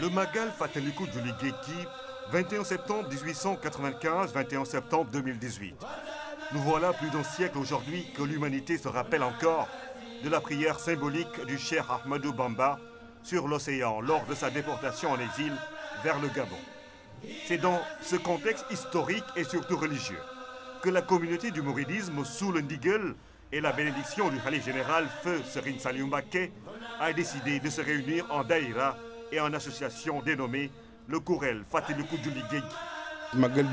Le Magal fàttaliku julli géej gi 21 septembre 1895 21 septembre 2018 nous voilà plus d'un siècle aujourd'hui que l'humanité se rappelle encore de la prière symbolique du Cheikh Ahmadou Bamba sur l'océan lors de sa déportation en exil vers le Gabon c'est dans ce contexte historique et surtout religieux que la communauté du mouridisme sous le ndigal et la bénédiction du Khalif général Feu Serine Saliumbake a décidé de se réunir en daïra et en association dénommée le kuréel fàttaliku julli géej gi. màggal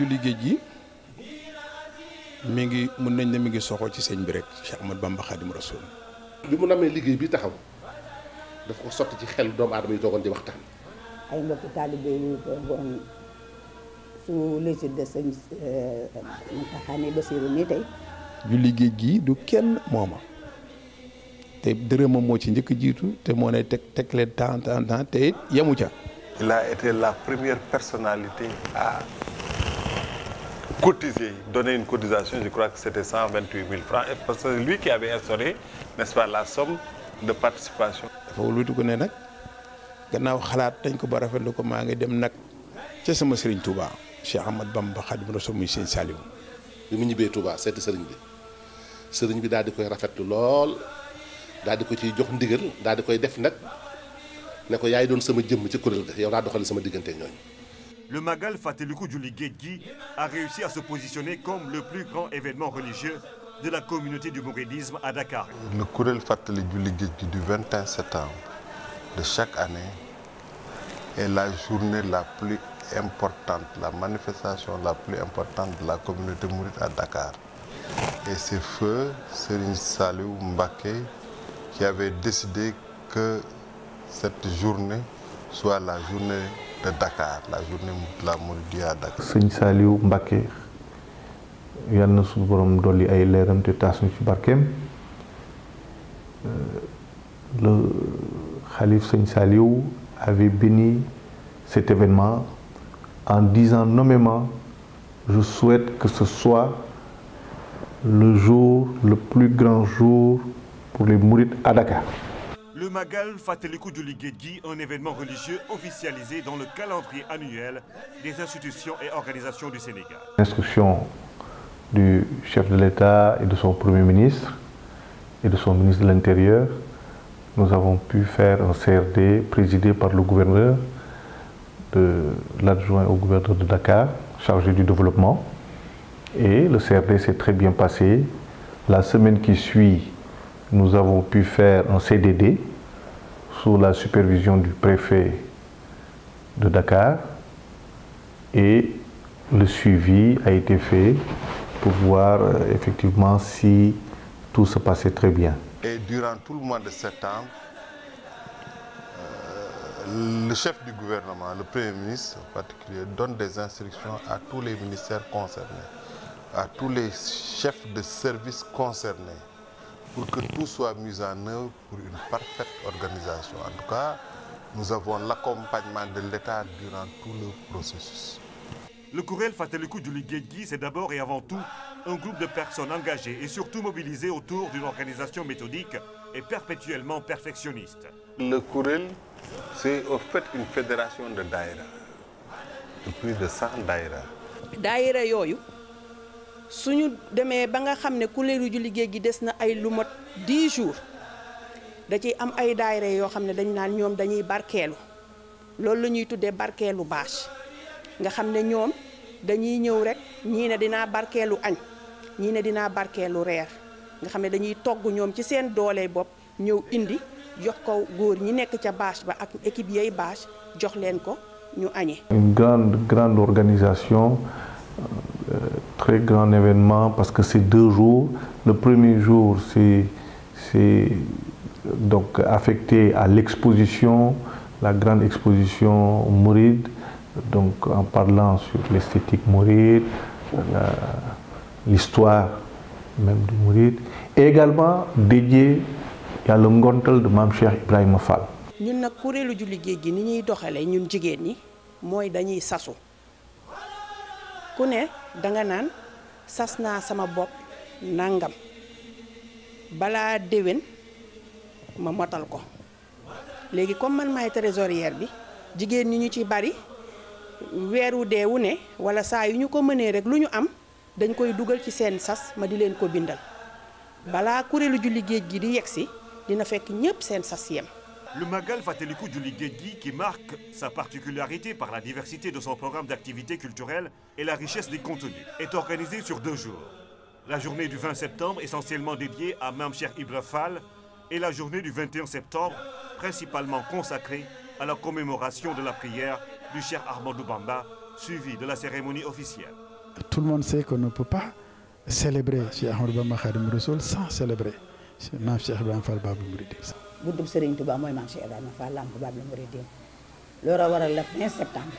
mi ngi mën nañ ne mi ngi soxoo ci sëñ bi rek Cheikh Ahmad Bamba Khadim Rasoul. bi mu namee liggéey bi taxaw daf ko sotti ci xel doomu aadama yi toogoon di waxtaan. ay mbokki su légit de sëñ euh, Mountakha Bassirou nii tey. julli géej gi du kenn mooma te dërëmam moo ci njëkk jiitu te moo ne teg teg leen temps temps temps te it yemu ca. il a la première personnalité à cotiser donner une cotisation je crois que c'était cent vingt huit mille francs parce que lui qui avait instauré n'est-ce la somme de participation. dafa wëlbati ko ne nag gannaaw xalaat dañ ko ba rafetlu ko maa ngi dem nag ca sama Serigne Touba Cheikh Ahmad Bamba Khadim Rassoul muy Serigne Saliou. bi mu ñibbee Touba seeti Serigne sëriñ bi daal di koy rafetlu lool daal di ko ciy jox ndigal daal di koy def nag ne ko yaay doon sama jëmm ci kuréel ga yow laa doxale sama diggante ñooñu. Le Magal Fàttaliku Julli Géej gi a réussi à se positionner comme le plus grand événement religieux de la communauté du mouridisme à Dakar. Le kuréel Fàttali Julli Géej gi du 21 septembre de chaque année est la journée la plus importante, la manifestation la plus importante de la communauté mouride à Dakar. et c'est feu Serigne Saliou Mbacké qui avait décidé que cette journée soit la journée de Dakar la journée de la Mouridiyya à Dakar. Serigne Saliou Mbacké yal na suñu borom dolli ay leeram te taas ñu ci barkeem euh, le khalife Serigne Saliou avait béni cet événement en disant nommément je souhaite que ce soit le jour le plus grand jour pour les mourides à Dakar. Le Magal fàttaliku julli géej gi un événement religieux officialisé dans le calendrier annuel des institutions et organisations du Sénégal. L'instruction du chef de l'État et de son Premier ministre et de son ministre de l'Intérieur, nous avons pu faire un CRD présidé par le gouverneur de l'adjoint au gouverneur de Dakar, chargé du développement. et le CRD s'est très bien passé. La semaine qui suit, nous avons pu faire un CDD sous la supervision du préfet de Dakar et le suivi a été fait pour voir euh, effectivement si tout se passait très bien. Et durant tout le mois de septembre, euh, le chef du gouvernement, le Premier ministre en particulier, donne des instructions à tous les ministères concernés. à tous les chefs de service concernés pour que tout soit mis en œuvre pour une parfaite organisation. En tout cas, nous avons l'accompagnement de l'État durant tout le processus. Le kuréel Fàttaliku Julli Géej gi, c'est d'abord et avant tout un groupe de personnes engagées et surtout mobilisées autour d'une organisation méthodique et perpétuellement perfectionniste. Le kuréel, c'est en fait une fédération de daïra, de plus de suñu demee ba nga xam ne kuréelu ju liggéey gi des na ay lu di 10 jours da ciy am ay daayira yoo xam ne dañu naan ñoom dañuy barkeelu loolu la ñuy tuddee barkeelu bâche nga xam ne ñoom dañuy ñëw rek ñii ne dinaa barkeelu añ ñii ne dinaa barkeelu reer nga xam ne dañuy togg ñoom ci seen doole bopp ñëw indi jox ko góor ñi nekk ca bâche ba ak équipe yay bâche jox leen ko ñu añee. organisation. très grand événement parce que c'est deux jours. Le premier jour, c'est donc affecté à l'exposition, la grande exposition Mouride, donc en parlant sur l'esthétique Mouride, l'histoire même du Mouride, et également dédié à le Ngontel de Mam Cheikh Ibrahima Fall. ñun nag kuréelu julli géej gi ni ñuy doxalee ñun jigéen ñi mooy dañuy sasu ku ne danga naan sas naa sama bopp nangam balaa déwén ma motal ko léegi comme man maay trésorière bi jigéen ñi ñu ci bari weeru deewu ne wala saa yu ñu ko mënee rek lu ñu am dañ koy dugal ci seen sas ma di leen ko bindal balaa kuréelu julli géej gi di yegsi dina fekk ñépp seen sas yem Le Magal Fatelikou du Ligedgi, qui marque sa particularité par la diversité de son programme d'activités culturelles et la richesse des contenus, est organisé sur deux jours. La journée du 20 septembre, essentiellement dédiée à Mamcher Ibra Fall, et la journée du septembre, principalement consacrée à la commémoration de la prière du cher Ahmadou Bamba, suivie de la cérémonie officielle. Tout le monde sait qu'on ne peut pas célébrer Cheikh Ahmadou Bamba guddub Serigne Touba mooy maam Cheikh Ibrahima Fall lamp Baabul Muridiin looloo waral la 20 septembre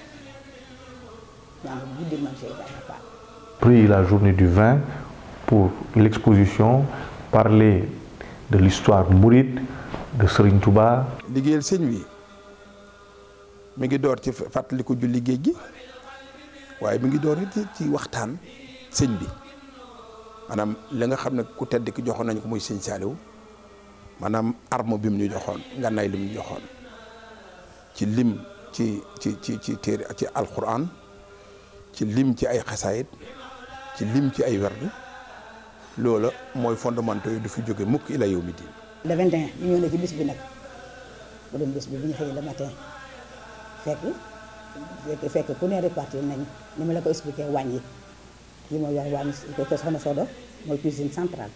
yaa ngi guddib maam Cheikh Ibrahima la journée du 20 pour l'exposition parler de l'histoire mouride de Serigne Touba. liggéeyal sëñ bi mu ngi door ci fàttaliku julli liggéey bi waaye mi ngi door it ci waxtaan sëñ bi maanaam li nga xam ne ku tedd ki joxoon nañu ko muy sëñ Saliou. maanaam armo bi mu ñu joxoon ngànnaay li mu ñu joxoon ci lim ci ci ci ci téere ci alquran ci lim ci ay xasaayit ci lim ci ay werd loolu mooy fondamentaux yi du fi jóge mukk ila yow mi diin le 21 ñu ñëw na ci bis bi nag mu doon bis bi bu ñu xëyee le matin fekk fekk ku ne répartir nañ ni ma la ko expliqué wàññi yi mooy yor wàññi ko soxna Sodo mooy cuisine centrale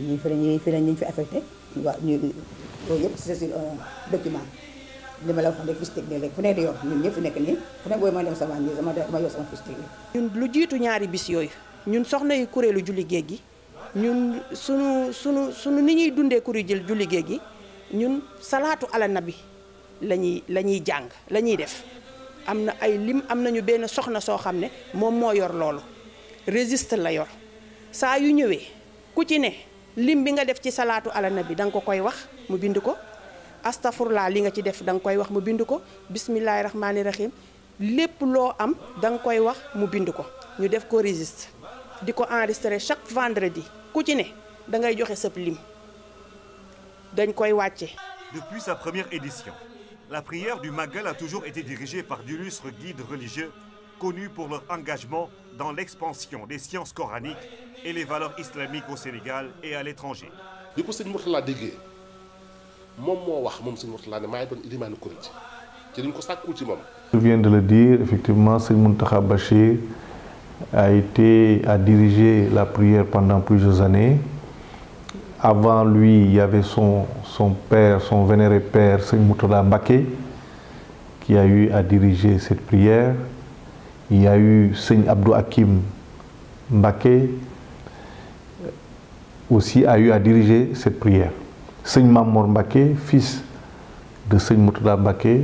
ñii fi ñii fi ñu fi affecté ñu loolu yëpp document li ma la wax rek ne di yor ñun ñëpp nekk nii fu ma dem sama nii sama ma yor ñun lu jiitu ñaari bis yooyu ñun soxna yi kuréelu julli géej gi ñun sunu sunu sunu ñuy dundee kuréel jël julli géej gi ñun salaatu ala nabi la ñuy la ñuy jàng la def am na ay lim am nañu benn soxna soo xam ne moom moo yor loolu registre la yor saa yu ñëwee ku ci ne. lim bi nga def ci salaatu ala nabi da nga ko koy wax mu bind ko astafurlaa li nga ci def danga koy wax mu bind ko bismillaahi rahmaani rahim lépp loo am da nga koy wax mu bind ko ñu def ko résiste di ko enregistré chaque vendredi ku ci ne da ngay joxe sëb lim dañ koy wàcce Depuis sa première édition, la prière du Magal a toujours été dirigée par d'illustres guides religieux connus pour leur engagement dans l'expansion des sciences coraniques et les valeurs islamiques au Sénégal et à l'étranger. li ko sëñ Mourtala déggee moom moo wax moom sëñ Mourtala ne maay doon ilimaanu kuréel ci ci dañ ko sàkku ci moom. Je viens de le dire effectivement sëñ Mountakha Bachir a été a dirigé la prière pendant plusieurs années. Avant lui, il y avait son son père, son vénéré père, Sëñ Mourtala Mbacké, qui a eu à diriger cette prière. Il y eu Seigne Abdou Hakim Mbaké aussi a eu à diriger cette prière. Seigne Mamor Mbaké, fils de Seigne Moutoula Mbaké,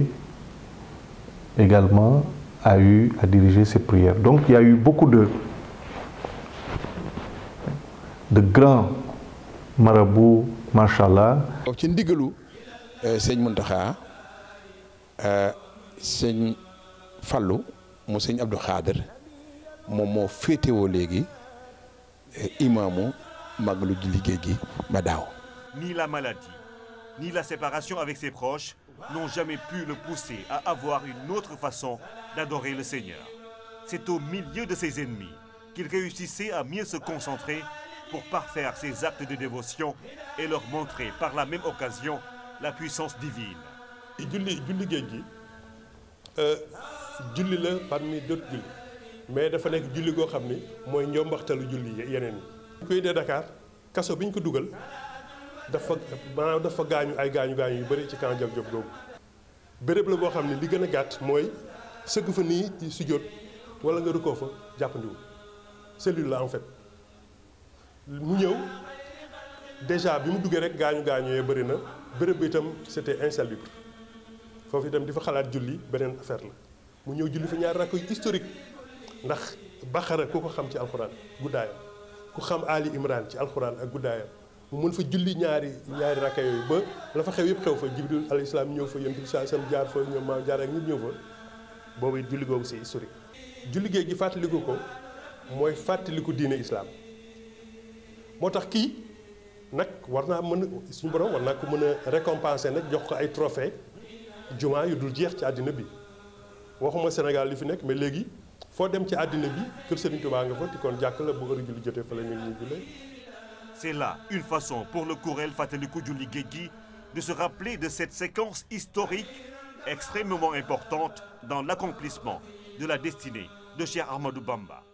également a eu à diriger cette prière. Donc ya y a eu beaucoup de, de grands marabouts, machallah. ci ndigalu euh, Seigne Mountakha euh, Seigne Fallou mu sëñ Abdou Khader moo féetewoo léegi eh, imaamu màggalu ji liggéey gi ba ni la maladie ni la séparation avec ses proches n'ont jamais pu le pousser à avoir une autre façon d'adorer le Seigneur. C'est au milieu de ses ennemis qu'il réussissait à mieux se concentrer pour parfaire ses actes de dévotion et leur montrer par la même occasion la puissance divine. julli julli géej gi euh, julli la parmi d'autres julli mais dafa nekk julli goo xam ni mooy njombaxtalu julli yeneen yi. koy dee Dakar kaso bi ñu ko dugal dafa maanaam dafa gaañu ay gaañu gaañu yu bëri ci camp Diop Diop googu béréb la boo xam ne li gën a gàtt mooy sëgg fa nii si jot wala nga rukkoo fa jàppandiwul cellule la en fait mu ñëw déjà bi mu duggee rek gaañu gaañu yee bëri na bërëb bi itam c'était insalubre foofu itam di fa xalaat julli beneen affaire la. mu ñëw julli fa ñaari rakk yu historique ndax baxara ku ko xam ci alxuraan guddaayam ku xam Ali Imran ci alxuraan ak guddaayam mu mën fa julli ñaari ñaari rakk yooyu ba la fa xew yëpp xew fa Jibril alayhi islaam ñëw fa yonent bi saa seen jaar fa ñoom maam jaar ak ñëpp ñëw fa boobu julli googu c'est historique julli géej gi fàttaliku ko mooy fàttaliku diine islaam moo tax kii nag war naa mën suñu borom war naa ko mën a récompenser nag jox ko ay trophée jumaa yu dul jeex ci àddina bi waxuma Sénégal li fi nekk mais léegi foo dem ci àddina bi kër Serigne Touba nga fa ti kon jàkk la bu heure julli jotee fa la nit ñi c'est là une façon pour le kuréel fàttaliku julli géej gi de se rappeler de cette séquence historique extrêmement importante dans l'accomplissement de la destinée de Cheikh Ahmadou Bamba